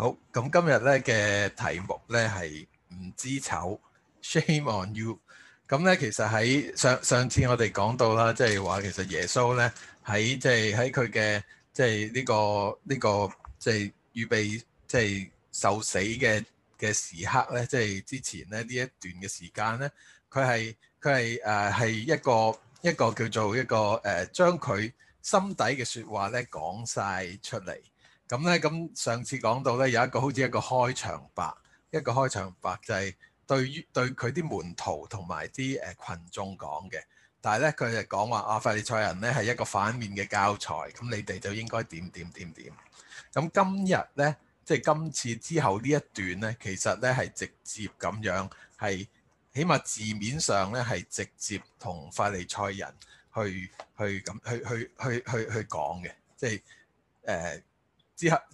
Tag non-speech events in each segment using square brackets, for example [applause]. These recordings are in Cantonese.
好，咁今日咧嘅題目咧係唔知醜，shame on you。咁咧其實喺上上次我哋講到啦，即係話其實耶穌咧喺即係喺佢嘅即係呢個呢個即係預備即係受死嘅嘅時刻咧，即係之前咧呢一段嘅時間咧，佢係佢係誒係一個一個叫做一個誒將佢心底嘅説話咧講晒出嚟。咁咧，咁上次講到咧，有一個好似一個開場白，一個開場白就係對於對佢啲門徒同埋啲誒羣眾講嘅。但係咧，佢就講話啊，法利賽人咧係一個反面嘅教材，咁你哋就應該點點點點。咁今日咧，即係今次之後呢一段咧，其實咧係直接咁樣，係起碼字面上咧係直接同法利賽人去去咁去去去去講嘅，即係誒。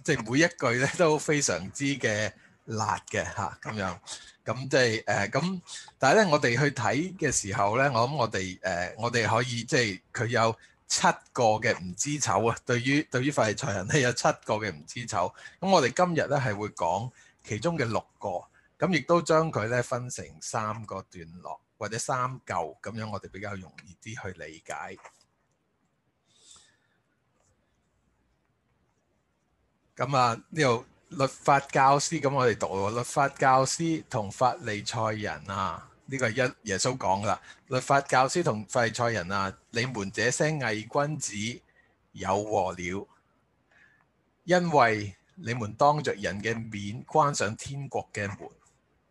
即係每一句咧都非常之嘅辣嘅嚇，咁樣咁即係誒咁。但係咧，我哋去睇嘅時候咧，我諗我哋誒，我哋可以即係佢有七個嘅唔知醜啊。對於對於《廢柴人》有七個嘅唔知醜。咁我哋今日咧係會講其中嘅六個，咁亦都將佢咧分成三個段落或者三嚿咁樣，我哋比較容易啲去理解。咁啊呢度、這個、律法教師，咁我哋讀喎。律法教師同法利賽人啊，呢、這個係一耶穌講噶啦。律法教師同法利賽人啊，你們這些偽君子有禍了，因為你們當着人嘅面關上天國嘅門，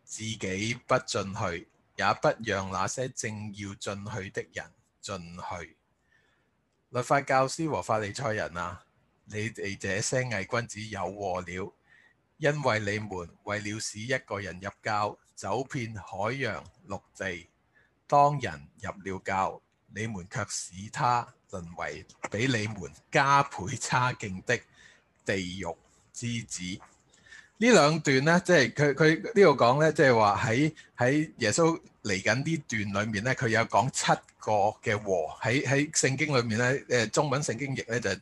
自己不進去，也不讓那些正要進去的人進去。律法教師和法利賽人啊！你哋這些偽君子有禍了，因為你們為了使一個人入教，走遍海洋陸地。當人入了教，你們卻使他淪為俾你們加倍差勁的地獄之子。呢兩段呢，即係佢佢呢度講呢，即係話喺喺耶穌嚟緊呢段裏面呢，佢有講七個嘅禍喺喺聖經裏面呢，誒中文聖經譯呢。就是。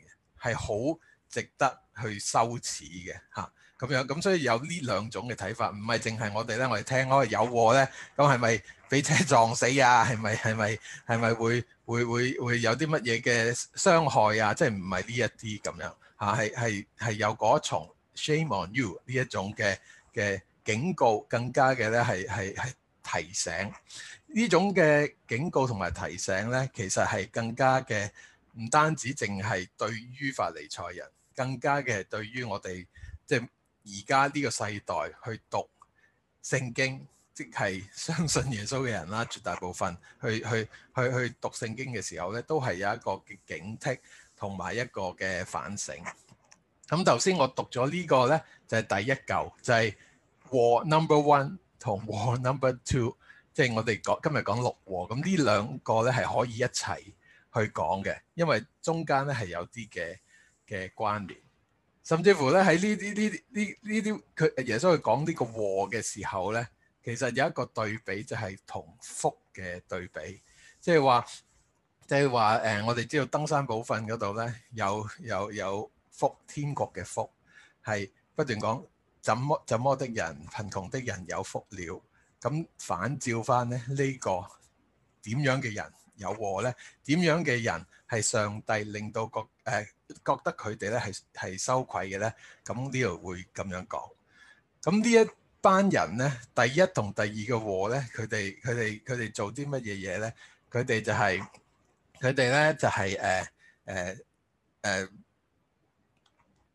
係好值得去羞恥嘅嚇，咁樣，啊，咁所以有呢兩種嘅睇法，唔係淨係我哋咧，我哋聽咯，有過咧，咁係咪俾車撞死啊？係咪係咪係咪會會會會有啲乜嘢嘅傷害啊？即係唔係呢一啲咁樣嚇？係係係有嗰一重 shame on you 呢一種嘅嘅警告，更加嘅咧係係係提醒呢種嘅警告同埋提醒咧，其實係更加嘅。唔單止淨係對於法利賽人，更加嘅對於我哋即係而家呢個世代去讀聖經，即係相信耶穌嘅人啦，絕大部分去去去去讀聖經嘅時候咧，都係有一個嘅警惕同埋一個嘅反省。咁頭先我讀咗呢個咧，就係第一舊，就係 war number one 同 war number two，即係我哋講今日講六和咁呢兩個咧，係可以一齊。去講嘅，因為中間咧係有啲嘅嘅關聯，甚至乎咧喺呢啲呢啲呢呢啲佢耶穌去講呢個禍嘅時候咧，其實有一個對比就係同福嘅對比，即係話即係話誒，我哋知道登山寶訓嗰度咧有有有福天國嘅福，係不斷講怎麼怎麼的人貧窮的人有福了。咁反照翻咧呢個點樣嘅人？有禍咧，點樣嘅人係上帝令到個誒覺得佢哋咧係係羞愧嘅咧？咁呢度會咁樣講。咁呢一班人咧，第一同第二個禍咧，佢哋佢哋佢哋做啲乜嘢嘢咧？佢哋就係佢哋咧，就係誒誒誒，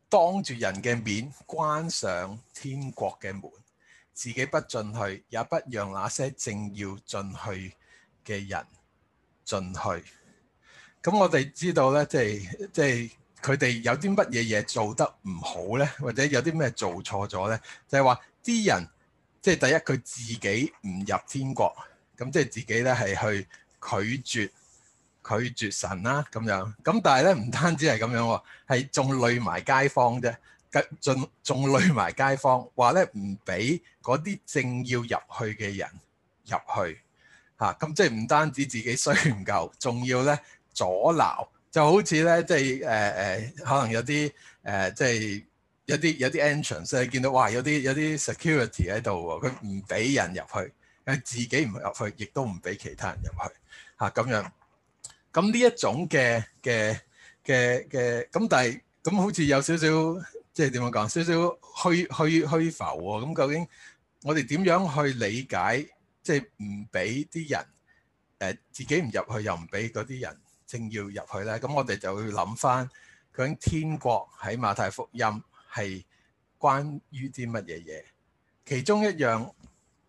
當住人嘅面關上天國嘅門，自己不進去，也不讓那些正要進去嘅人。進去，咁我哋知道咧，即係即係佢哋有啲乜嘢嘢做得唔好咧，或者有啲咩做錯咗咧，就係話啲人即係、就是、第一佢自己唔入天國，咁即係自己咧係去拒絕拒絕神啦咁樣，咁但係咧唔單止係咁樣喎、啊，係仲累埋街坊啫，仲累埋街坊，話咧唔俾嗰啲正要入去嘅人入去。嚇！咁、啊、即係唔單止自己需唔夠，仲要咧阻撓，就好似咧即係誒誒，可能有啲誒、呃、即係有啲有啲 entrance，係見到哇有啲有啲 security 喺度佢唔俾人入去，佢自己唔入去，亦都唔俾其他人入去嚇咁、啊、樣。咁呢一種嘅嘅嘅嘅，咁但係咁好似有少少即係點樣講？少少虛虛虛浮喎、哦。咁究竟我哋點樣去理解？即係唔俾啲人誒自己唔入去，又唔俾嗰啲人正要入去咧。咁我哋就會諗翻究竟「天國」喺馬太福音係關於啲乜嘢嘢？其中一樣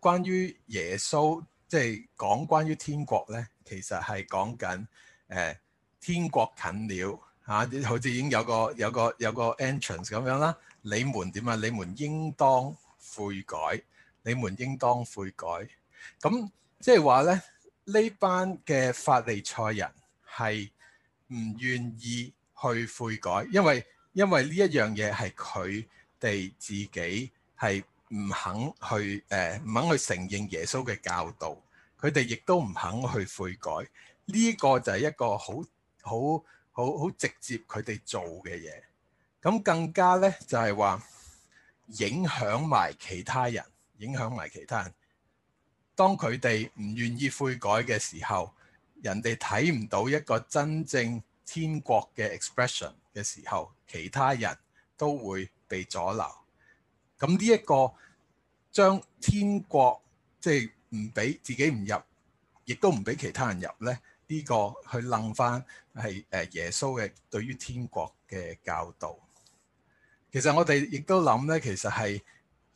關於耶穌即係講關於天國咧，其實係講緊誒天國近了嚇，好似已經有個有個有個 entrance 咁樣啦。你們點啊？你們應當悔改，你們應當悔改。咁即係話咧，呢班嘅法利賽人係唔願意去悔改，因為因為呢一樣嘢係佢哋自己係唔肯去誒，唔肯去承認耶穌嘅教導，佢哋亦都唔肯去悔改。呢個就係一個好好好好直接佢哋做嘅嘢。咁更加咧就係話影響埋其他人，影響埋其他人。當佢哋唔願意悔改嘅時候，人哋睇唔到一個真正天國嘅 expression 嘅時候，其他人都會被阻留。咁呢一個將天國即係唔俾自己唔入，亦都唔俾其他人入呢，呢、這個去楞翻係誒耶穌嘅對於天國嘅教導。其實我哋亦都諗呢，其實係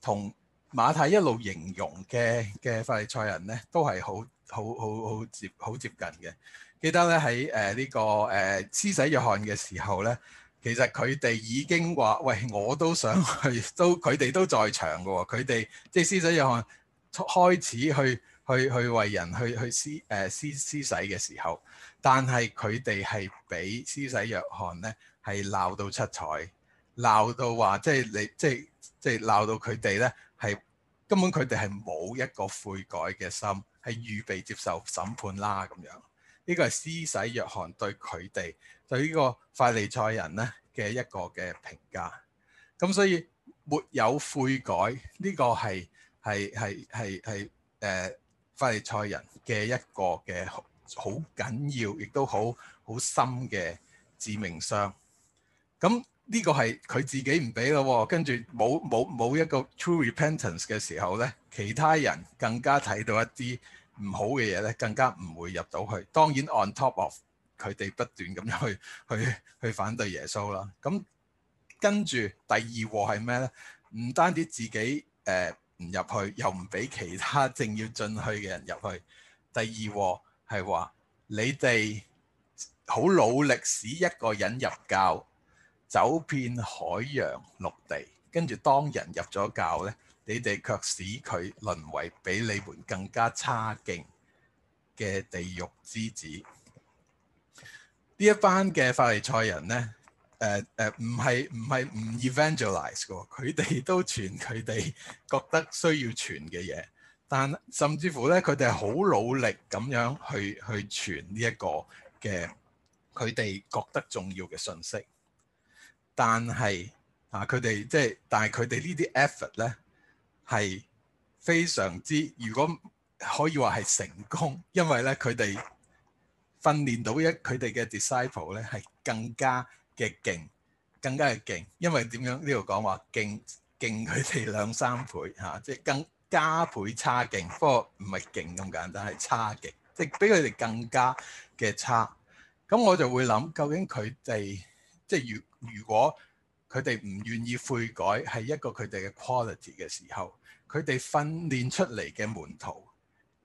同。馬太一路形容嘅嘅法利賽人咧，都係好好好好接好接近嘅。記得咧喺誒呢、呃呢個誒施、呃、洗約翰嘅時候咧，其實佢哋已經話：喂，我都想去，都佢哋都在場嘅喎、哦。佢哋即係施洗約翰開始去去去為人去去施誒施施洗嘅時候，但係佢哋係俾施洗約翰咧係鬧到七彩，鬧到話即係你即係即係鬧到佢哋咧。係根本佢哋係冇一個悔改嘅心，係預備接受審判啦咁樣。呢個係施洗約翰對佢哋，對呢個法利賽人呢嘅一個嘅評價。咁所以沒有悔改呢個係係係係係誒法利賽人嘅一個嘅好好緊要，亦都好好深嘅致命傷。咁呢個係佢自己唔俾咯，跟住冇冇冇一個 true repentance 嘅時候呢，其他人更加睇到一啲唔好嘅嘢呢，更加唔會入到去。當然 on top of 佢哋不斷咁樣去去去反對耶穌啦。咁跟住第二禍係咩呢？唔單止自己誒唔入去，又唔俾其他正要進去嘅人入去。第二禍係話你哋好努力使一個人入教。走遍海洋、陸地，跟住當人入咗教呢，你哋卻使佢淪為比你們更加差勁嘅地獄之子。呢一班嘅法利賽人呢，誒、呃、誒，唔係唔係唔 evangelize 嘅喎，佢哋都傳佢哋覺得需要傳嘅嘢，但甚至乎呢，佢哋係好努力咁樣去去傳呢一個嘅佢哋覺得重要嘅信息。但係啊，佢哋即係，但係佢哋呢啲 effort 咧係非常之，如果可以話係成功，因為咧佢哋訓練到一佢哋嘅 disciple 咧係更加嘅勁，更加嘅勁，因為點樣呢度講話勁勁佢哋兩三倍嚇，即係更加倍差勁，不過唔係勁咁簡單，係差勁，即係比佢哋更加嘅差。咁我就會諗，究竟佢哋？即係如如果佢哋唔願意悔改，係一個佢哋嘅 quality 嘅時候，佢哋訓練出嚟嘅門徒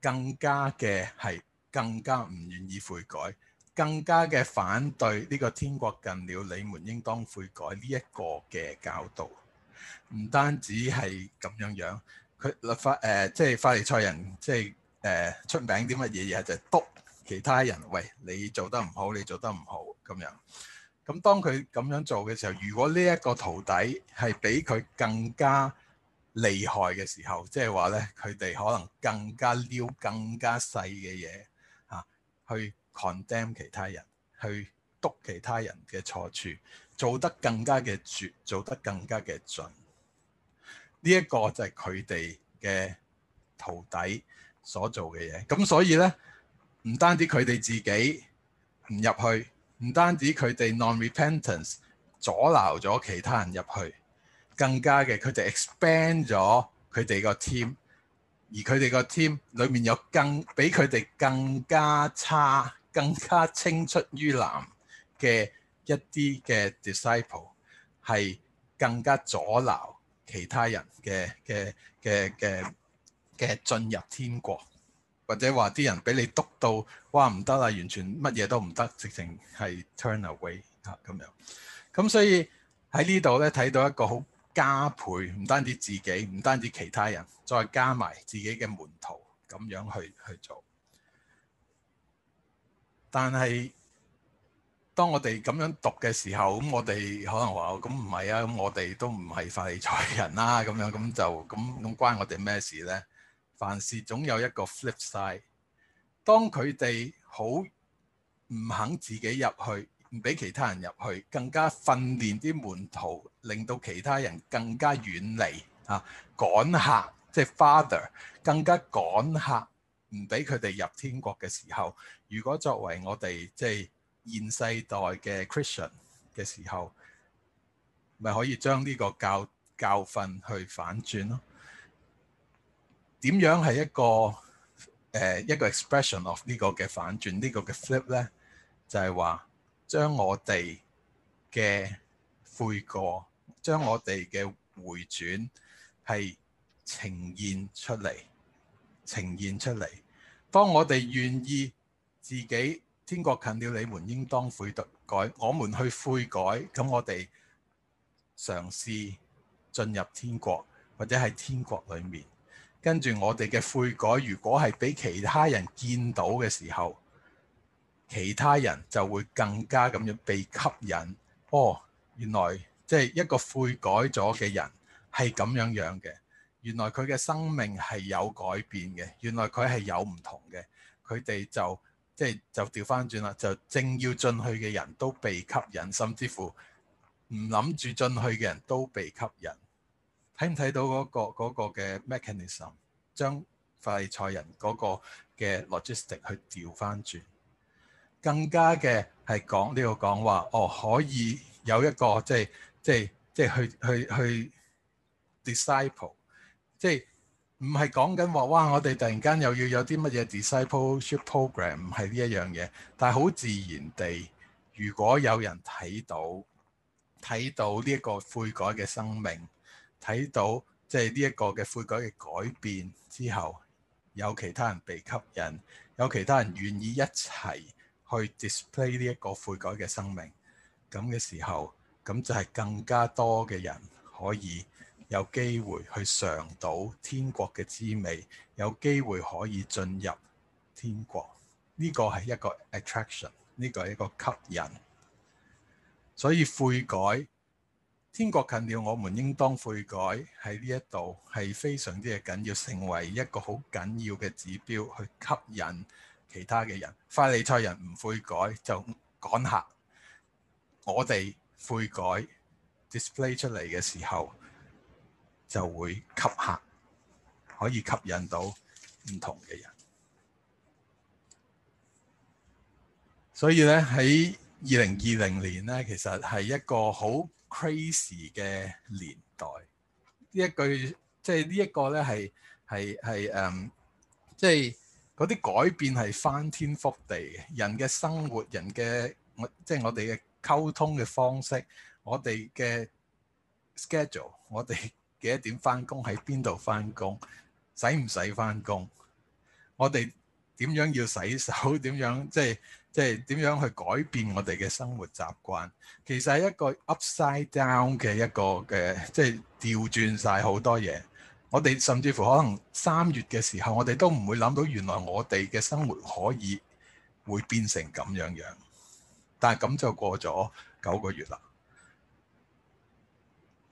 更加嘅係更加唔願意悔改，更加嘅反對呢個天國近了，你們應當悔改呢一個嘅教導。唔單止係咁樣樣，佢律法誒、呃、即係法利賽人，即係誒、呃、出名啲乜嘢嘢就係、是、督其他人，喂，你做得唔好，你做得唔好咁樣。咁當佢咁樣做嘅時候，如果呢一個徒弟係比佢更加厲害嘅時候，即係話咧，佢哋可能更加撩、更加細嘅嘢嚇，去 condemn 其他人，去督其他人嘅錯處，做得更加嘅絕，做得更加嘅盡。呢、這、一個就係佢哋嘅徒弟所做嘅嘢。咁所以咧，唔單止佢哋自己唔入去。唔單止佢哋 non-repentance 阻撓咗其他人入去，更加嘅佢哋 expand 咗佢哋個 team，而佢哋個 team 裏面有更比佢哋更加差、更加青出於藍嘅一啲嘅 disciple，係更加阻撓其他人嘅嘅嘅嘅嘅進入天國。或者話啲人俾你督到，哇唔得啦，完全乜嘢都唔得，直情係 turn away 吓咁樣。咁所以喺呢度咧睇到一個好加倍，唔單止自己，唔單止其他人，再加埋自己嘅門徒咁樣去去做。但係當我哋咁樣讀嘅時候，咁我哋可能話，咁唔係啊，咁我哋都唔係法利賽人啦，啊，咁樣咁就咁咁關我哋咩事咧？凡事總有一個 flip side。當佢哋好唔肯自己入去，唔俾其他人入去，更加訓練啲門徒，令到其他人更加遠離啊趕客，即係 father 更加趕客，唔俾佢哋入天國嘅時候，如果作為我哋即係現世代嘅 Christian 嘅時候，咪可以將呢個教教訓去反轉咯。點樣係一個誒一個 expression of 呢個嘅反轉，呢個嘅 flip 呢？就係話將我哋嘅悔過，將我哋嘅回轉係呈現出嚟，呈現出嚟。當我哋願意自己，天國近了，你們應當悔改。我們去悔改，咁我哋嘗試進入天國，或者喺天國裡面。跟住我哋嘅悔改，如果係俾其他人見到嘅時候，其他人就會更加咁樣被吸引。哦，原來即係、就是、一個悔改咗嘅人係咁樣樣嘅，原來佢嘅生命係有改變嘅，原來佢係有唔同嘅。佢哋就即係就調翻轉啦，就正要進去嘅人都被吸引，甚至乎唔諗住進去嘅人都被吸引。睇唔睇到嗰個嗰個嘅 mechanism，將法利賽人嗰個嘅 logistic 去調返轉，更加嘅係講呢個講話，哦，可以有一個即係即係即係去去去 disciple，即係唔係講緊話哇我哋突然間又要有啲乜嘢 discipleship program，唔係呢一樣嘢，但係好自然地，如果有人睇到睇到呢一個悔改嘅生命。睇到即係呢一個嘅悔改嘅改變之後，有其他人被吸引，有其他人願意一齊去 display 呢一個悔改嘅生命，咁嘅時候，咁就係更加多嘅人可以有機會去嘗到天國嘅滋味，有機會可以進入天國，呢個係一個 attraction，呢個係一個吸引，所以悔改。天國近了，我們應當悔改。喺呢一度係非常之緊要，成為一個好緊要嘅指標，去吸引其他嘅人。法利賽人唔悔改就趕客，我哋悔改 display 出嚟嘅時候就會吸客，可以吸引到唔同嘅人。所以咧喺二零二零年咧，其實係一個好 crazy 嘅年代，呢一句即係呢一個咧係係係誒即係嗰啲改變係翻天覆地嘅，人嘅生活，人嘅即係我哋嘅溝通嘅方式，我哋嘅 schedule，我哋幾多點翻工，喺邊度翻工，使唔使翻工，我哋。點樣要洗手？點樣即係即係點樣去改變我哋嘅生活習慣？其實係一個 upside down 嘅一個嘅，即係調轉晒好多嘢。我哋甚至乎可能三月嘅時候，我哋都唔會諗到，原來我哋嘅生活可以會變成咁樣樣。但係咁就過咗九個月啦。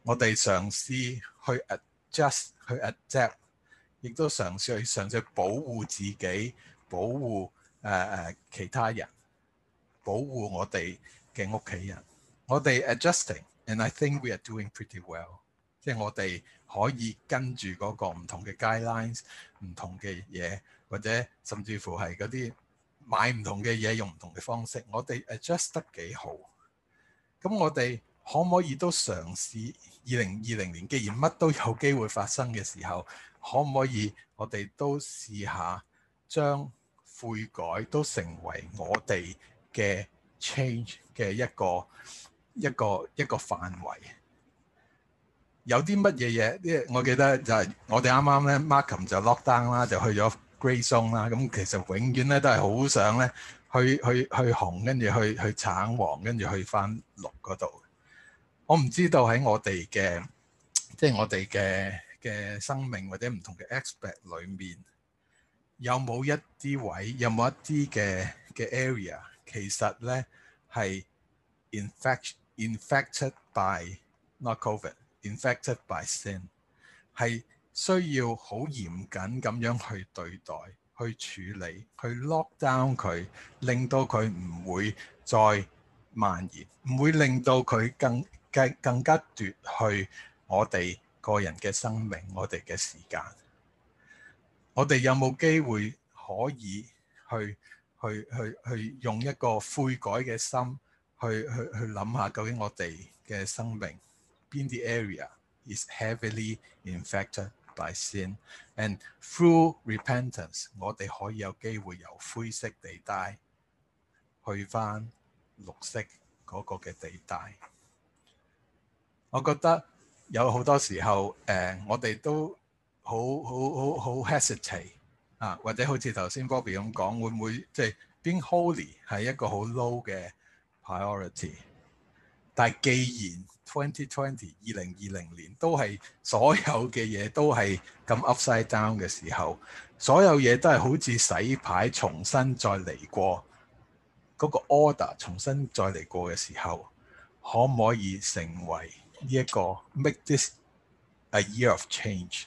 我哋嘗試去 adjust，去 adjust，亦都嘗試去嘗試去保護自己。保護誒誒其他人，保護我哋嘅屋企人。我哋 adjusting，and I think we are doing pretty well。即係我哋可以跟住嗰個唔同嘅 guidelines，唔同嘅嘢，或者甚至乎係嗰啲買唔同嘅嘢，用唔同嘅方式。我哋 adjust 得幾好。咁我哋可唔可以都嘗試二零二零年？既然乜都有機會發生嘅時候，可唔可以我哋都試下？將悔改都成為我哋嘅 change 嘅一個一個一個範圍。有啲乜嘢嘢？我記得就係我哋啱啱咧，Markham 就 lock down 啦，就去咗 Grey Zone 啦。咁其實永遠咧都係好想咧去去去紅，跟住去去橙黃，跟住去返綠嗰度。我唔知道喺我哋嘅即係我哋嘅嘅生命或者唔同嘅 aspect 裏面。有冇一啲位，有冇一啲嘅嘅 area，其實咧係 infect infected by not covid，infected by sin，係需要好嚴謹咁樣去對待、去處理、去 lock down 佢，令到佢唔會再蔓延，唔會令到佢更更更加奪去我哋個人嘅生命、我哋嘅時間。我哋有冇機會可以去去去去用一個悔改嘅心去去去諗下，究竟我哋嘅生命邊啲 area is heavily infected by sin，and through repentance，我哋可以有機會由灰色地帶去返綠色嗰個嘅地帶。我覺得有好多時候，誒，uh，我哋都好好好，好 hesitate 啊，或者好似頭先 Bobby 咁講，會唔會即係、就是、being holy 係一個好 low 嘅 priority？但係既然2020、2020年都係所有嘅嘢都係咁 upside down 嘅時候，所有嘢都係好似洗牌、重新再嚟過嗰、那個 order，重新再嚟過嘅時候，可唔可以成為呢一個 make this a year of change？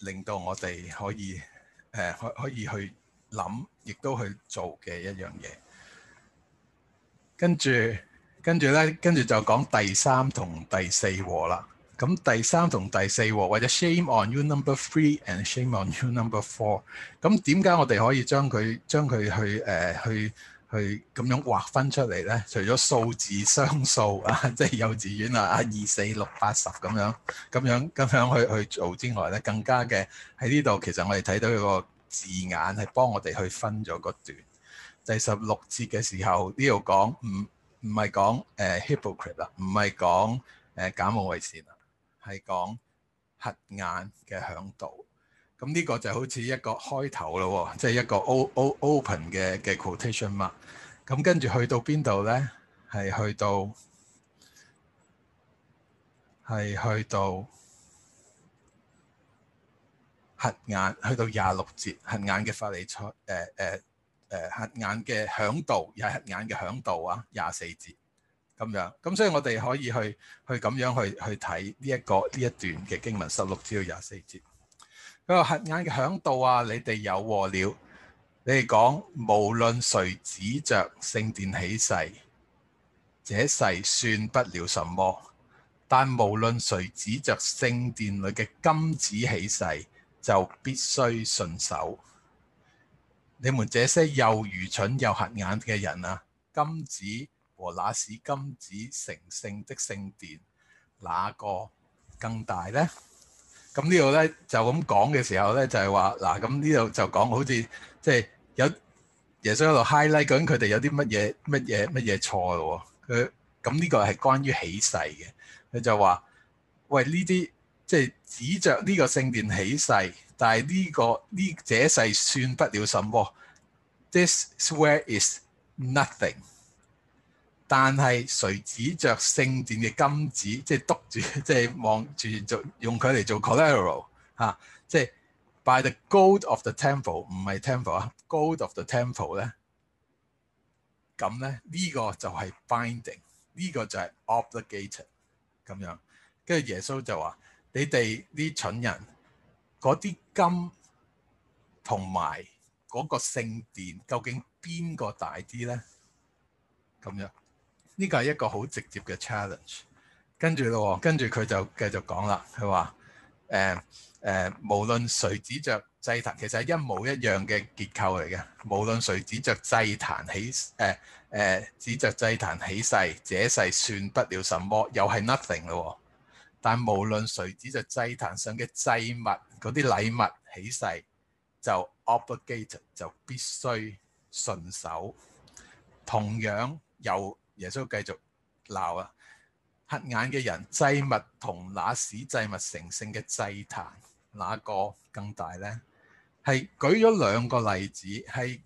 令到我哋可以誒、呃、可以可以去諗，亦都去做嘅一樣嘢。跟住跟住咧，跟住就講第三同第四和啦。咁第三同第四和，或者 shame on you number three and shame on you number four。咁點解我哋可以將佢將佢去誒去？呃去去咁樣劃分出嚟咧，除咗數字雙數啊，即係幼稚園啦啊，二四六八十咁樣，咁樣咁樣去去做之外咧，更加嘅喺呢度其實我哋睇到一個字眼係幫我哋去分咗個段。第十六節嘅時候，呢度講唔唔係講誒 hypocrite 啦，唔係講誒假冒為善啦，係講瞎眼嘅響度。咁呢個就好似一個開頭咯，即係一個 Open 嘅嘅 Quotation Mark。咁跟住去到邊度咧？係去到係去到黑眼，去到廿六節黑眼嘅法利賽。誒誒誒，黑眼嘅響度，又係黑眼嘅響度啊，廿四節咁樣。咁所以我哋可以去去咁樣去去睇呢一個呢一段嘅經文，十六至到廿四節。佢話：黑眼嘅響道啊，你哋有禍了！你哋講，無論誰指着聖殿起誓，這誓算不了什麼；但無論誰指着聖殿裏嘅金子起誓，就必須順守。你們這些又愚蠢又黑眼嘅人啊，金子和那使金子成聖的聖殿，哪、那個更大呢？咁呢度咧就咁講嘅時候咧，就係話嗱，咁呢度就講好似即係有耶穌喺度 highlight 緊佢哋有啲乜嘢乜嘢乜嘢錯咯喎、哦，佢咁呢個係關於起誓嘅，佢就話：喂呢啲即係指着呢個聖殿起誓，但係呢、這個呢這，這誓算不了什麼。This swear is nothing. 但係，誰指着聖殿嘅金子，即係篤住，即係望住做用佢嚟做 collateral 嚇，即係 by the gold of the temple，唔係 temple 啊，gold of the temple 咧，咁咧呢個就係 binding，呢個就係 obligated 咁樣。跟住耶穌就話：你哋啲蠢人，嗰啲金同埋嗰個聖殿，究竟邊個大啲咧？咁樣。呢個係一個好直接嘅 challenge，跟住咯，跟住佢就繼續講啦。佢話：誒、呃、誒、呃，無論誰指着祭壇，其實係一模一樣嘅結構嚟嘅。無論誰指着祭壇起誒誒、呃呃，指著祭壇起誓，這誓算不了什麼，又係 nothing 咯。但無論誰指着祭壇上嘅祭物嗰啲禮物起誓，就 obligated，就必須順守。」同樣由耶穌繼續鬧啊！黑眼嘅人祭物同那使祭物成聖嘅祭壇，哪、那個更大呢？係舉咗兩個例子，係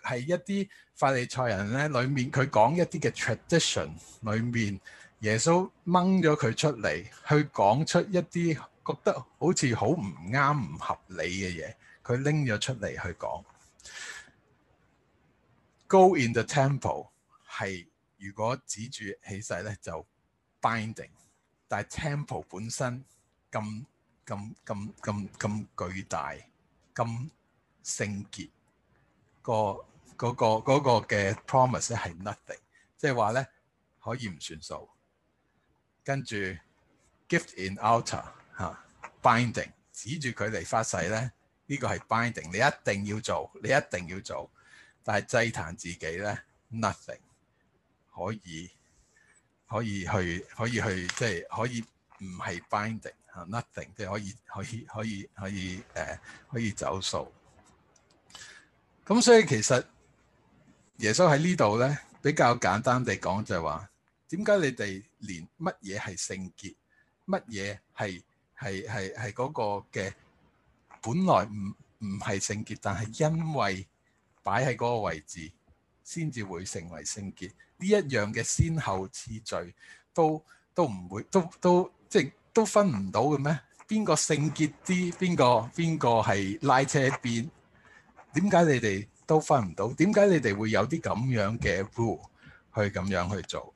係一啲法利賽人咧。裡面佢講一啲嘅 tradition 裡面，耶穌掹咗佢出嚟，去講出一啲覺得好似好唔啱、唔合理嘅嘢，佢拎咗出嚟去講。Go in the temple 係。如果指住起誓咧，就 binding。但係 temple 本身咁咁咁咁咁巨大咁聖潔、嗰個、嗰個、嗰個嘅 promise 咧係 nothing，即係話咧可以唔算數。跟住 gift in altar 嚇 binding 指住佢嚟發誓咧，呢、呢個係 binding，你一定要做，你一定要做。但係祭壇自己咧，nothing。可以可以去可以去，即係可以唔係 binding 啊，nothing，即係可以可以可以可以，誒，可以走數。咁，所以其實耶穌喺呢度咧比較簡單地講就係話，點解你哋連乜嘢係聖潔，乜嘢係係係係嗰個嘅本來唔唔係聖潔，但係因為擺喺嗰個位置先至會成為聖潔。呢一樣嘅先後次序都都唔會都都即係都分唔到嘅咩？邊個性潔啲？邊個邊個係拉車邊？點解你哋都分唔到？點解你哋會有啲咁樣嘅 rule 去咁樣去做？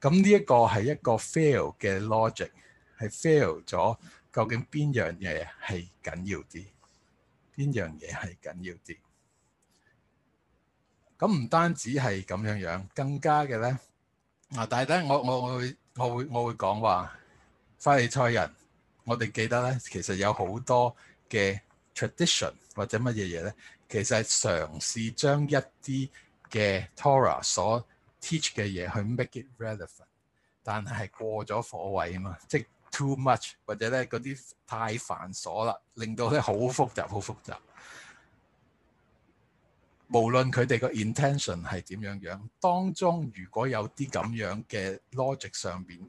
咁呢一個係一個 fail 嘅 logic，係 fail 咗。究竟邊樣嘢係緊要啲？邊樣嘢係緊要啲？咁唔單止係咁樣樣，更加嘅咧，嗱，但係咧，我我，我，我會我會講話，法利賽人，我哋記得咧，其實有好多嘅 tradition 或者乜嘢嘢咧，其實係嘗試將一啲嘅 Torah 所 teach 嘅嘢去 make it relevant，但係過咗火位啊嘛，即係 too much 或者咧嗰啲太繁瑣啦，令到咧好複雜，好複雜。無論佢哋個 intention 係點樣樣，當中如果有啲咁樣嘅 logic 上邊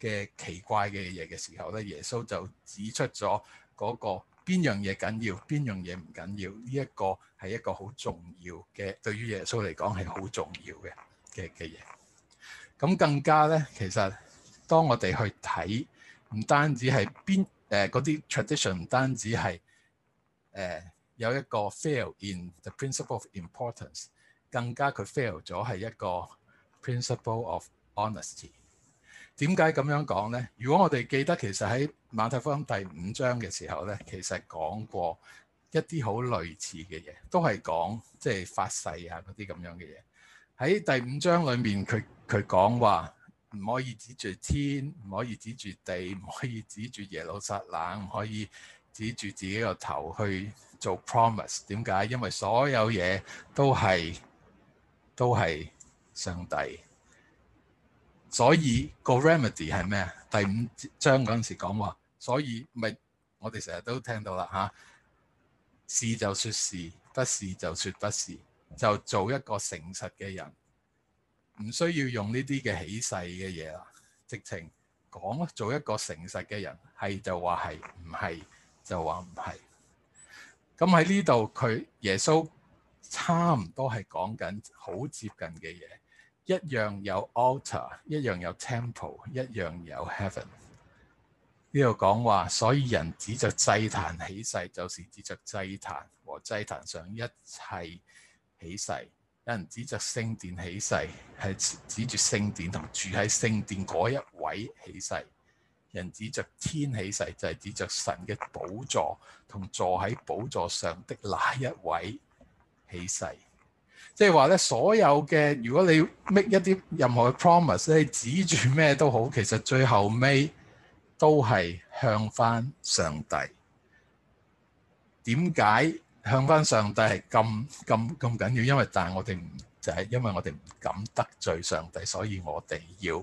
嘅奇怪嘅嘢嘅時候咧，耶穌就指出咗嗰、那個邊樣嘢緊要，邊樣嘢唔緊要，呢、這個、一個係一個好重要嘅，對於耶穌嚟講係好重要嘅嘅嘅嘢。咁更加咧，其實當我哋去睇，唔單止係邊誒嗰、呃、啲 tradition，唔單止係誒。呃有一個 fail in the principle of importance，更加佢 fail 咗係一個 principle of honesty。點解咁樣講呢？如果我哋記得，其實喺馬太福音第五章嘅時候呢，其實講過一啲好類似嘅嘢，都係講即係發誓啊嗰啲咁樣嘅嘢。喺第五章裏面，佢佢講話唔可以指住天，唔可以指住地，唔可以指住耶路撒冷，唔可以指住自己個頭去。做 promise 點解？因為所有嘢都係都係上帝，所以個 remedy 係咩？第五章嗰陣時講話，所以咪我哋成日都聽到啦吓、啊，是就說是，不是就說不是，就做一個誠實嘅人，唔需要用呢啲嘅起誓嘅嘢啦，直情講咯，做一個誠實嘅人，係就話係，唔係就話唔係。咁喺呢度，佢耶穌差唔多係講緊好接近嘅嘢，一樣有 altar，一樣有 temple，一樣有 heaven。呢度講話，所以人指着祭壇起誓，就是指着祭壇和祭壇上一切起誓；有人指着聖殿起誓，係指住聖殿同住喺聖殿嗰一位起誓。人指著天起誓，就係指著神嘅寶座，同坐喺寶座上的那一位起誓。即係話咧，所有嘅如果你 make 一啲任何嘅 promise 咧，你指住咩都好，其實最後尾都係向翻上帝。點解向翻上帝係咁咁咁緊要？因為但係我哋唔就係，因為我哋唔敢得罪上帝，所以我哋要。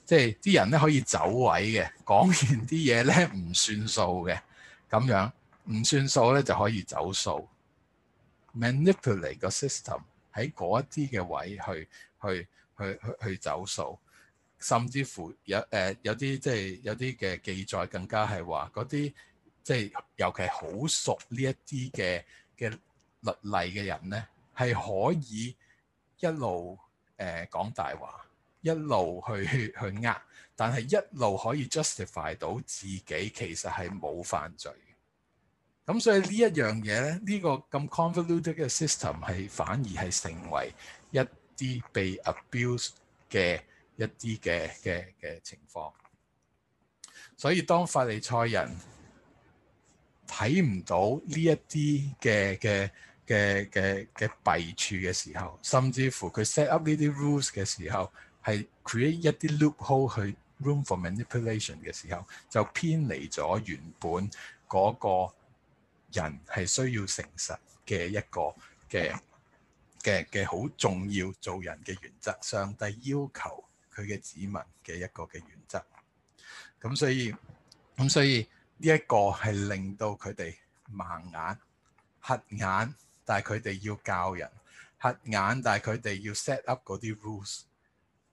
即係啲人咧可以走位嘅，講完啲嘢咧唔算數嘅，咁樣唔算數咧就可以走數。Manipulate 個 system 喺嗰一啲嘅位去去去去去走數，甚至乎有誒、呃、有啲即係有啲嘅記載更加係話嗰啲即係尤其好熟呢一啲嘅嘅律例嘅人咧，係可以一路誒講、呃、大話。一路去去呃，但係一路可以 justify 到自己其實係冇犯罪。咁所以這一呢一樣嘢咧，呢、這個咁 convoluted 嘅 system 係反而係成為一啲被 abuse 嘅一啲嘅嘅嘅情況。所以當法利賽人睇唔到呢一啲嘅嘅嘅嘅嘅弊處嘅時候，甚至乎佢 set up 呢啲 rules 嘅時候，係 create 一啲 loop hole 去 room for manipulation 嘅時候，就偏離咗原本嗰個人係需要誠實嘅一個嘅嘅嘅好重要做人嘅原則。上帝要求佢嘅子民嘅一個嘅原則。咁所以咁所以呢一個係令到佢哋盲眼黑眼，但係佢哋要教人黑眼，但係佢哋要 set up 嗰啲 rules。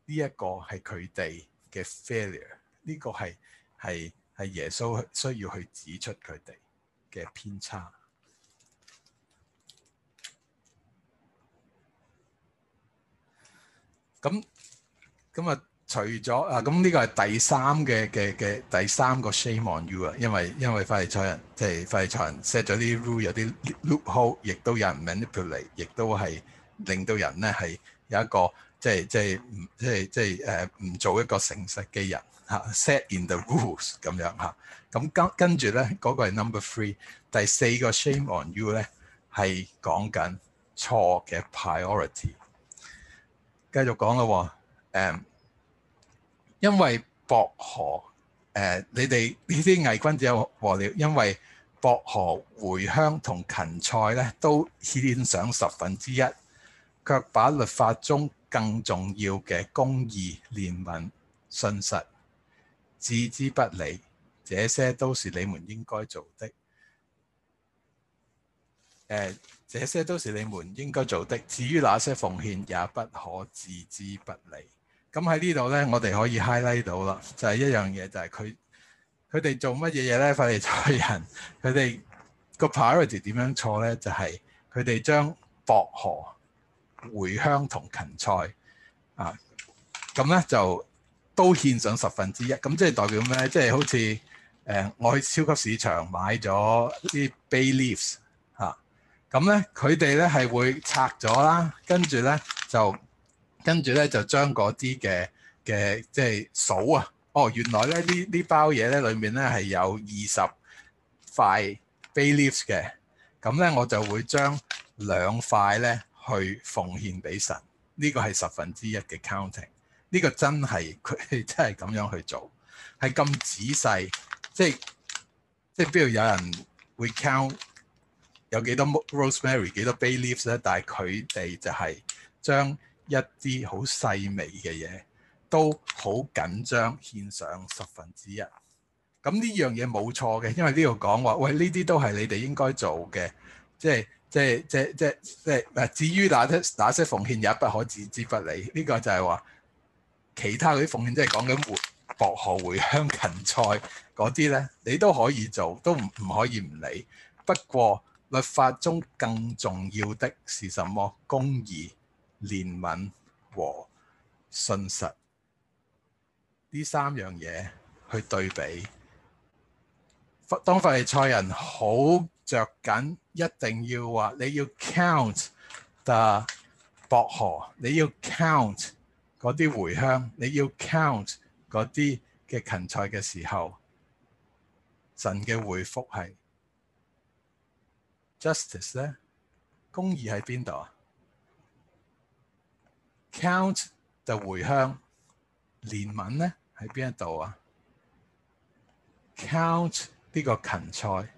呢一個係佢哋嘅 failure，呢個係係係耶穌需要去指出佢哋嘅偏差。咁咁啊，除咗啊，咁呢個係第三嘅嘅嘅第三個，個 shame on you 啊，因為因為法利賽人即係法利賽人 set 咗啲 rule 有啲 loophole，亦都有人 manipulate，亦都係令到人咧係有一個。即係即係唔即係即係誒，唔、呃、做一個誠實嘅人嚇、啊。Set in the rules 咁樣嚇，咁、啊、跟跟住咧嗰個係 number three，第四個 shame on you 咧係講緊錯嘅 priority。繼 pri 續講咯，誒、嗯，因為薄荷誒、呃，你哋呢啲偽君子有禍了，因為薄荷茴香同芹菜咧都獻上十分之一，卻把律法中更重要嘅公義、憐憫、信實，置之不理，這些都是你們應該做的。誒、呃，這些都是你們應該做的。至於那些奉獻，也不可置之不理。咁喺呢度呢，我哋可以 highlight 到啦，就係、是、一樣嘢，就係佢佢哋做乜嘢嘢呢？法利賽人佢哋個 priority 點樣錯呢？就係佢哋將薄荷，茴香同芹菜啊，咁咧就都獻上十分之一，咁即係代表咩咧？即係好似，呃，我去超級市場買咗啲 Bay Leaves 吓，咁咧佢哋咧係會拆咗啦，跟住咧就跟住咧就將嗰啲嘅嘅即係數啊，哦原來咧呢，呢包嘢咧裏面咧係有二十塊 Bay Leaves 嘅，咁咧我就會將兩塊咧。去奉獻俾神，呢個係十分之一嘅 counting，呢個真係佢真係咁樣去做，係咁仔細，即係即係，比如有人會 count 有幾多 rosemary、幾多 bay leaves 咧，但係佢哋就係將一啲好細微嘅嘢都好緊張獻上十分之一，咁呢樣嘢冇錯嘅，因為呢度講話，喂，呢啲都係你哋應該做嘅，即係。即係即係即係即係，嗱，至於哪些哪些奉獻也不可置之不理，呢、這個就係話其他啲奉獻，即係講緊薄荷茴香芹菜嗰啲咧，你都可以做，都唔可以唔理。不過律法中更重要的是什麼？公義、憐憫和信實呢三樣嘢去對比。當法利賽人好着緊。一定要話，你要 count the 薄荷，你要 count 嗰啲茴香，你要 count 嗰啲嘅芹菜嘅時候，神嘅回覆係 justice 咧，公義喺邊度啊？count the 茴香，憐憫咧喺邊一度啊？count 呢個芹菜。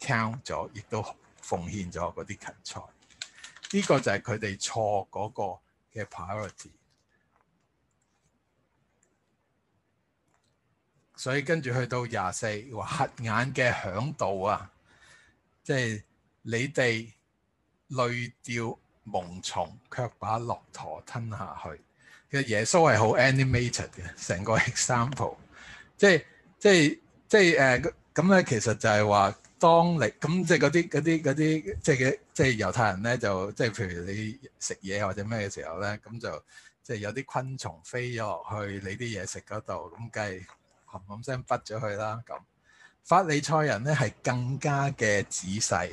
count 咗，亦都奉獻咗嗰啲芹菜。呢個就係佢哋錯嗰個嘅 priority。所以跟住去到廿四話瞎眼嘅嚮導啊，即係你哋濾掉蠓蟲，卻把駱駝吞下去。其實耶穌係好 animated 嘅成個 example，即係即係即係誒咁咧，其實就係話。當你咁即係嗰啲嗰啲嗰啲即係嘅即係猶太人咧，就即係譬如你食嘢或者咩嘅時候咧，咁就即係、就是、有啲昆蟲飛咗落去你啲嘢食嗰度，咁梗係冚冚聲畢咗佢啦。咁法利賽人咧係更加嘅仔細，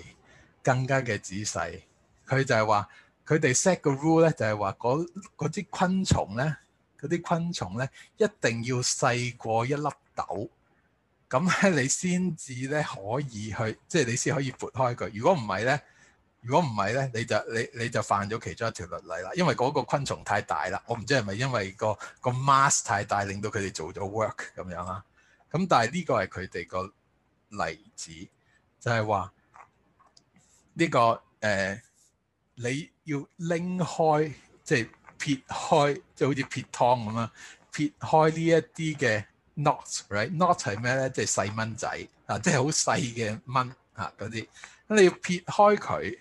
更加嘅仔細。佢就係話，佢哋 set 個 rule 咧就係、是、話，嗰啲昆蟲咧，嗰啲昆蟲咧一定要細過一粒豆。咁咧，你先至咧可以去，即係你先可以撥開佢。如果唔係咧，如果唔係咧，你就你你就犯咗其中一條律例啦。因為嗰個昆蟲太大啦，我唔知係咪因為個個 mask 太大，令到佢哋做咗 work 咁樣啦。咁但係呢個係佢哋個例子，就係話呢個誒、呃，你要拎開，即係撇開，即係好似撇湯咁啦，撇開呢一啲嘅。Not right, not 係咩咧？即係細蚊仔啊，即係好細嘅蚊啊嗰啲。你要撇開佢，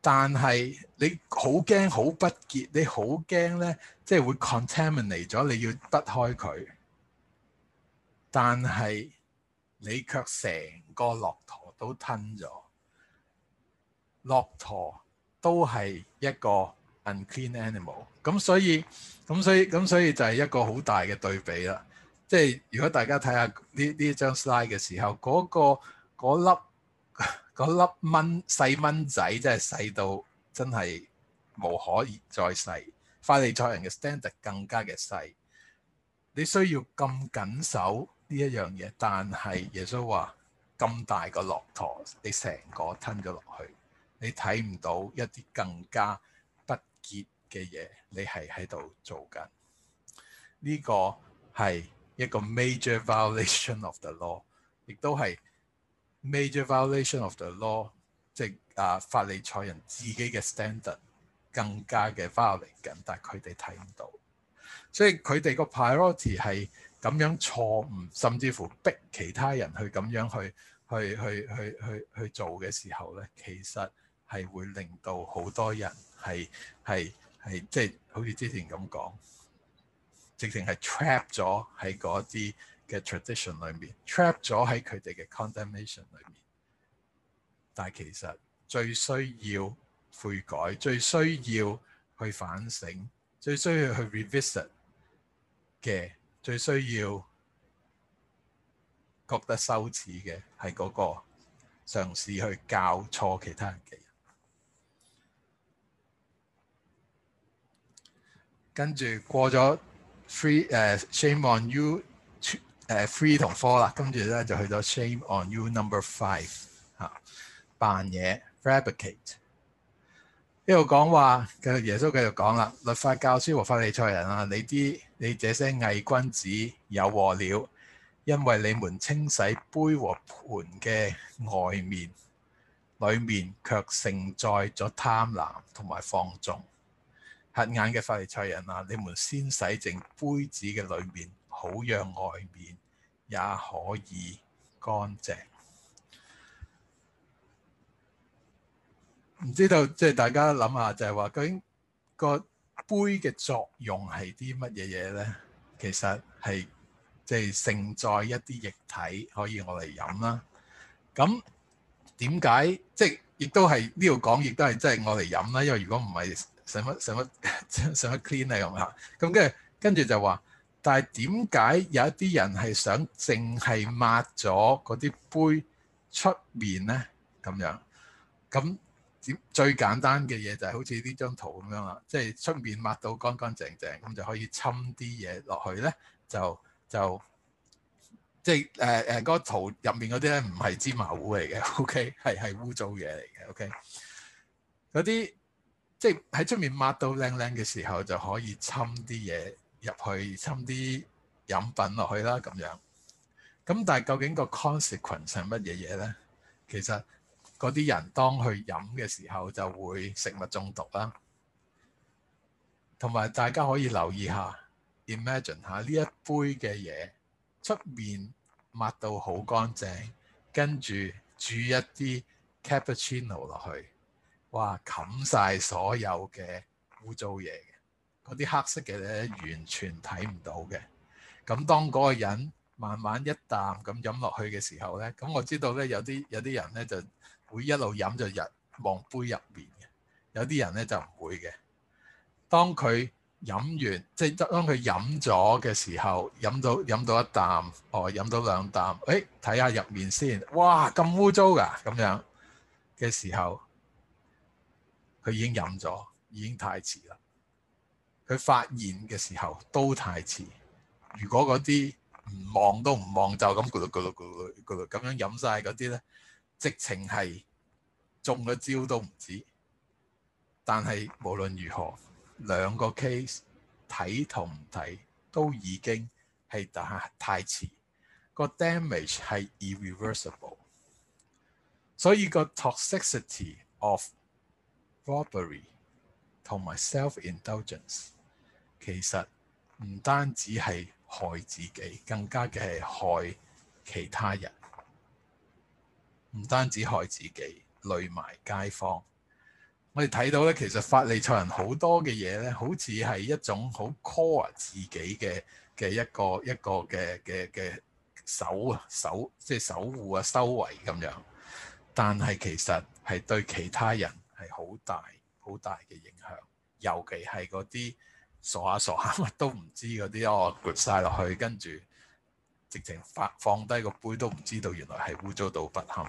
但係你好驚好不潔，你好驚咧，即係會 contaminate 咗。你要撇開佢，但係你卻成個駱駝都吞咗，駱駝都係一個 unclean animal。咁所以咁所以咁所以就係一個好大嘅對比啦。即係如果大家睇下呢呢一張 slide 嘅時候，嗰、嗰個粒粒蚊細蚊仔真係細到真係無可再細。法利賽人嘅 standard 更加嘅細，你需要咁緊守呢一樣嘢，但係耶穌話咁大個駱駝，你成個吞咗落去，你睇唔到一啲更加不潔嘅嘢，你係喺度做緊呢、這個係一個 major violation of the law，亦都係 major violation of the law，即係啊法利賽人自己嘅 standard 更加嘅 violating 緊，但係佢哋睇唔到，所以佢哋個 priority 係咁樣錯誤，甚至乎逼其他人去咁樣去去去去去去做嘅時候咧，其實係會令到好多人係係。係，即係、就是、好似之前咁講，直情係 trap 咗喺嗰啲嘅 tradition 裏面，trap 咗喺佢哋嘅 condemnation 裏面。但係其實最需要悔改、最需要去反省、最需要去 revisit 嘅、最需要覺得羞恥嘅係嗰個嘗試去教錯其他人嘅。跟住過咗 three 誒 shame on you 誒 three 同 four 啦，跟住咧就去咗 shame on you number five 嚇扮嘢 fabricate，一路講話，繼續耶穌繼續講啦，律法教師和法利賽人啊，你啲你這些偽君子有禍了，因為你們清洗杯和盤嘅外面，裏面卻盛載咗貪婪同埋放縱。黑眼嘅法力菜人啊！你們先洗淨杯子嘅裏面，好讓外面也可以乾淨。唔知道即係、就是、大家諗下，就係話究竟個杯嘅作用係啲乜嘢嘢咧？其實係即係盛載一啲液體可以我嚟飲啦。咁點解即係亦都係呢度講，亦都係即係我嚟飲啦？因為如果唔係，上一上一上一 clean 啊，咁吓，咁跟住跟住就話，但係點解有一啲人係想淨係抹咗嗰啲杯出面咧？咁樣咁點最簡單嘅嘢就係好似呢張圖咁樣啦，即係出面抹到乾乾淨淨，咁就可以侵啲嘢落去咧，就就即係誒誒嗰圖入面嗰啲咧，唔係芝麻糊嚟嘅，OK 係係污糟嘢嚟嘅，OK 嗰啲。即係喺出面抹到靚靚嘅時候，就可以侵啲嘢入去，侵啲飲品落去啦咁樣。咁但係究竟個 consequence 係乜嘢嘢咧？其實嗰啲人當去飲嘅時候就會食物中毒啦。同埋大家可以留意下，imagine 下呢一杯嘅嘢出面抹到好乾淨，跟住煮一啲 cappuccino 落去。哇！冚晒所有嘅污糟嘢嘅嗰啲黑色嘅咧，完全睇唔到嘅。咁當嗰個人慢慢一啖咁飲落去嘅時候咧，咁我知道咧，有啲有啲人咧就會一路飲就入望杯入面嘅。有啲人咧就唔會嘅。當佢飲完即係當佢飲咗嘅時候，飲到飲到一啖，哦，飲到兩啖，誒，睇下入面先，哇，咁污糟㗎咁樣嘅時候。佢已經飲咗，已經太遲啦。佢發現嘅時候都太遲。如果嗰啲唔望都唔望，就咁咕碌咕碌咕碌咕碌咁樣飲晒嗰啲咧，直情係中咗招都唔止。但係無論如何，兩個 case 睇同唔睇都已經係打太遲。個 damage 係 irreversible，所以個 toxicity of robbery 同埋 self-indulgence，其實唔單止係害自己，更加嘅係害其他人。唔單止害自己，累埋街坊。我哋睇到咧，其實法利賽人好多嘅嘢咧，好似係一種好 core 自己嘅嘅一個一個嘅嘅嘅守啊守，即係守護啊修圍咁樣，但係其實係對其他人。係好大好大嘅影響，尤其係嗰啲傻，呀傻呀、哦、下傻下都唔知嗰啲，我撥曬落去，跟住直情放放低個杯都唔知道，原來係污糟到不堪。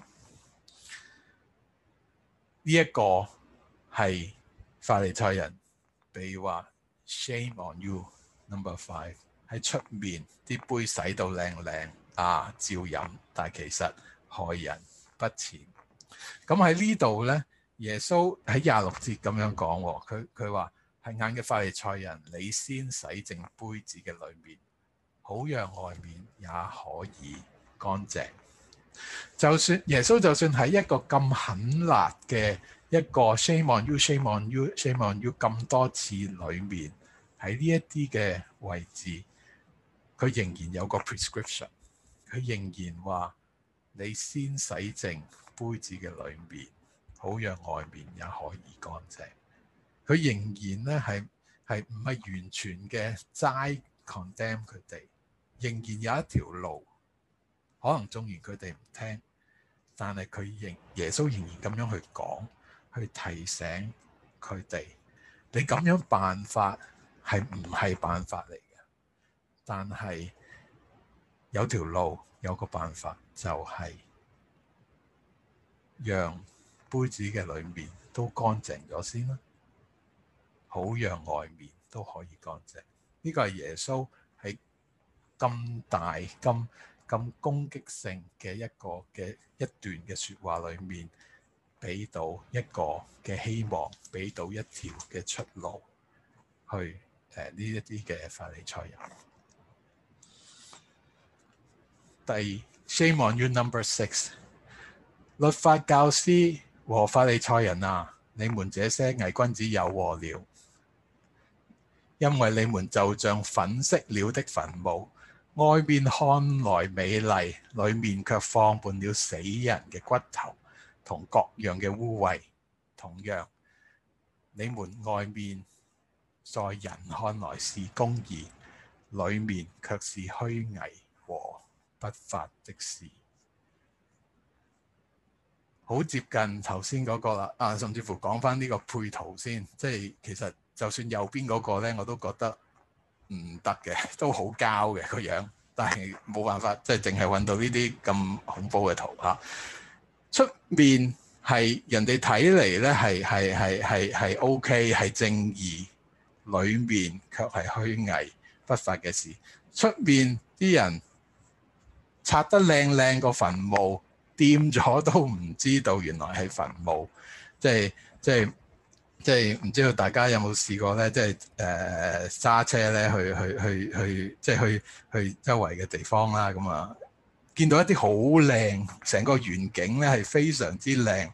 呢、這、一個係法利賽人，譬如話 Shame on you, Number Five 喺出面啲杯洗到靚靚啊，照飲，但係其實害人不淺。咁喺呢度呢。耶穌喺廿六節咁樣講，佢佢話係眼嘅法利賽人，你先洗淨杯子嘅裏面，好讓外面也可以乾淨。就算耶穌就算喺一個咁狠辣嘅一個 sh on you，shame on you，shame on you，shame on you，咁多次裏面喺呢一啲嘅位置，佢仍然有個 prescription，佢仍然話你先洗淨杯子嘅裏面。好，讓外面也可以乾淨。佢仍然咧係係唔係完全嘅齋 condemn 佢哋，仍然有一條路。可能縱然佢哋唔聽，但係佢仍耶穌仍然咁樣去講，去提醒佢哋。你咁樣辦法係唔係辦法嚟嘅？但係有條路，有個辦法就係、是、讓。杯子嘅裏面都乾淨咗先啦，好讓外面都可以乾淨。呢個係耶穌喺咁大、咁咁攻擊性嘅一個嘅一段嘅説話裏面，俾到一個嘅希望，俾到一條嘅出路去誒呢一啲嘅法利賽人。第二，Shame on you number six，律法教師。和法利賽人啊，你們這些偽君子有禍了，因為你們就像粉飾了的墳墓，外面看來美麗，裏面卻放滿了死人嘅骨頭同各樣嘅污穢。同樣，你們外面在人看來是公義，裏面卻是虛偽和不法的事。好接近頭先嗰個啦，啊，甚至乎講翻呢個配圖先，即係其實就算右邊嗰個呢，我都覺得唔得嘅，都好膠嘅個樣，但係冇辦法，即係淨係揾到呢啲咁恐怖嘅圖嚇。出、啊、面係人哋睇嚟呢，係係係係 O K 係正義，裏面卻係虛偽不法嘅事。出面啲人拆得靚靚個墳墓。掂咗都唔知道原來係墳墓，即係即係即係唔知道大家有冇試過咧？即係誒揸車咧去去去去，即係去去，就是，去，去周圍嘅地方啦。咁啊，見到一啲好靚，成個園景咧係非常之靚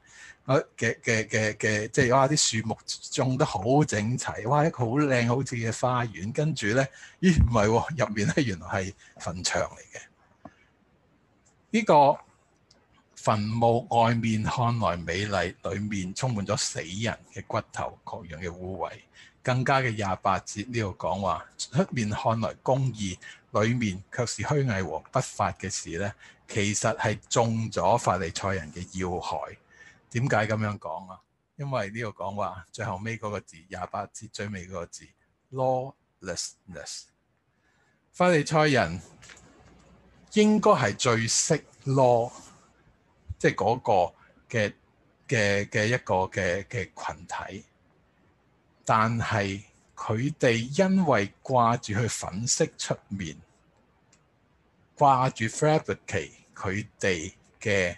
嘅嘅嘅嘅，即係，就是，哇啲樹木種得好整齊，哇一個好靚好似嘅花園。跟住咧，咦唔係喎，入，哦、面咧原來係墳場嚟嘅呢個。墳墓外面看來美麗，裡面充滿咗死人嘅骨頭、各樣嘅污穢。更加嘅廿八節呢個講話，出面看來公義，裡面卻是虛偽和不法嘅事呢，其實係中咗法利賽人嘅要害。點解咁樣講啊？因為呢個講話最後尾嗰個字廿八節最尾嗰個字 lawlessness。法利賽人應該係最識 law。即係嗰個嘅嘅嘅一個嘅嘅群體，但係佢哋因為掛住去粉飾出面，掛住 fabricate 佢哋嘅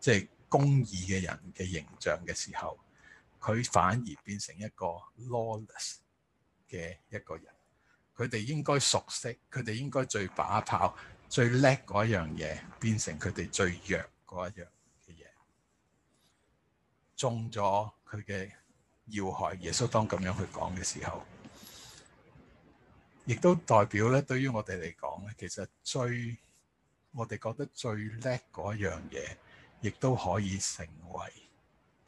即係公義嘅人嘅形象嘅時候，佢反而變成一個 lawless 嘅一個人。佢哋應該熟悉，佢哋應該最把炮最叻嗰樣嘢，變成佢哋最弱。嗰一樣嘅嘢中咗佢嘅要害。耶穌當咁樣去講嘅時候，亦都代表咧，對於我哋嚟講咧，其實最我哋覺得最叻嗰一樣嘢，亦都可以成為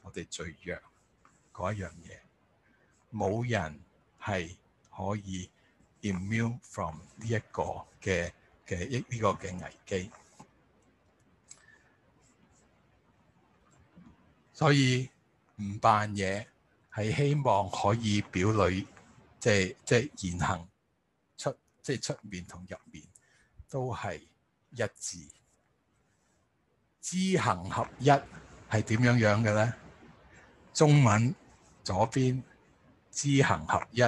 我哋最弱嗰一樣嘢。冇人係可以 immune from 呢一個嘅嘅一呢個嘅危機。所以唔扮嘢，係希望可以表裏，即係即係言行出，即係出面同入面都係一致。知行合一係點樣樣嘅咧？中文左邊知行合一，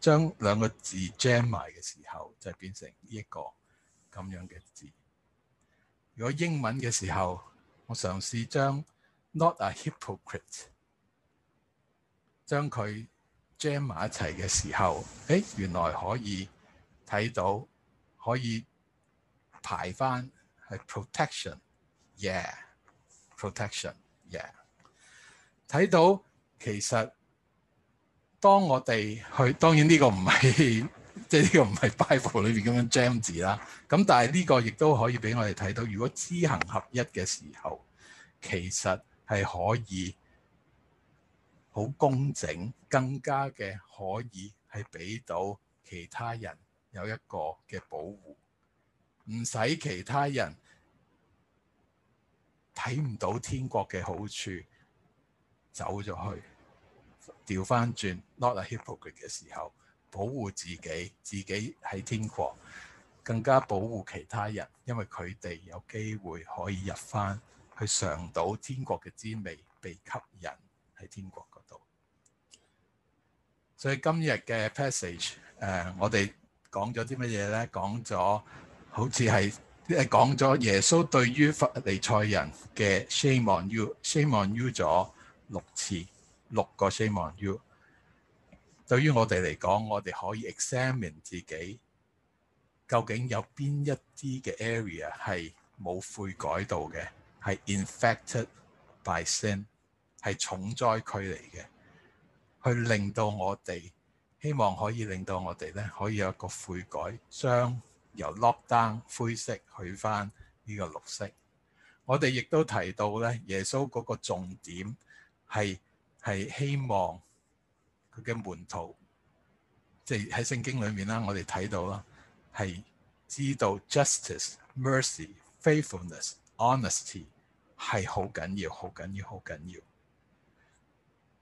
將兩個字 jam 埋嘅時候，就變成一個咁樣嘅字。如果英文嘅時候，我嘗試將 not a hypocrite。將佢 jam 埋一齊嘅時候，誒，原來可以睇到，可以排翻係 protection，yeah，protection，yeah。睇到其實當我哋去，當然呢個唔係，即係呢個唔係 Bible 裏邊咁樣 jam 字啦。咁但係呢個亦都可以俾我哋睇到，如果知行合一嘅時候，其實。係可以好工整，更加嘅可以係俾到其他人有一個嘅保護，唔使其他人睇唔到天國嘅好處，走咗去調翻轉，not a hypocrite 嘅時候，保護自己，自己喺天國，更加保護其他人，因為佢哋有機會可以入翻。去嘗到天國嘅滋味，被吸引喺天國嗰度。所以今日嘅 passage，誒、呃，我哋講咗啲乜嘢咧？講咗好似係誒，講咗耶穌對於法利賽人嘅 shame on you，shame on you 咗六次，六個 shame on you。對於我哋嚟講，我哋可以 examine 自己究竟有邊一啲嘅 area 係冇悔改到嘅。係 infected by sin，係重災區嚟嘅，去令到我哋希望可以令到我哋咧可以有一個悔改，將由 lockdown 灰色去返呢個綠色。我哋亦都提到咧，耶穌嗰個重點係係希望佢嘅門徒，即係喺聖經裏面啦，我哋睇到啦，係知道 justice、mercy、faithfulness、honesty。係好緊要，好緊要，好緊要。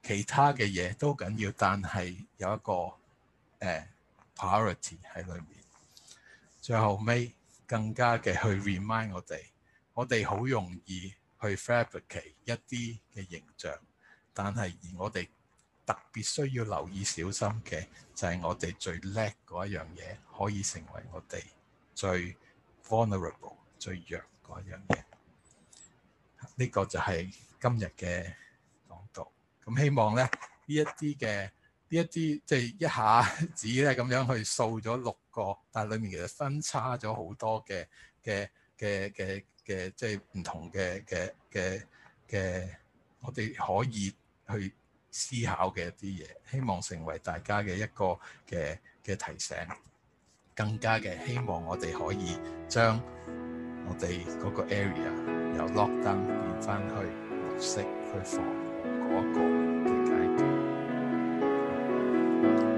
其他嘅嘢都緊要，但係有一個誒、uh, priority 喺裏面。最後尾更加嘅去 remind 我哋，我哋好容易去 fabricate 一啲嘅形象，但係而我哋特別需要留意小心嘅就係、是、我哋最叻嗰一樣嘢，可以成為我哋最 vulnerable、最弱嗰一樣嘢。呢個就係今日嘅講道，咁希望咧呢一啲嘅呢一啲即係一下子咧咁樣去掃咗六個，但係裡面其實分差咗好多嘅嘅嘅嘅嘅，即係唔同嘅嘅嘅嘅，我哋可以去思考嘅一啲嘢，希望成為大家嘅一個嘅嘅提醒，更加嘅希望我哋可以將我哋嗰個 area。由落燈變翻去綠色去防嗰個嘅階段。 [music]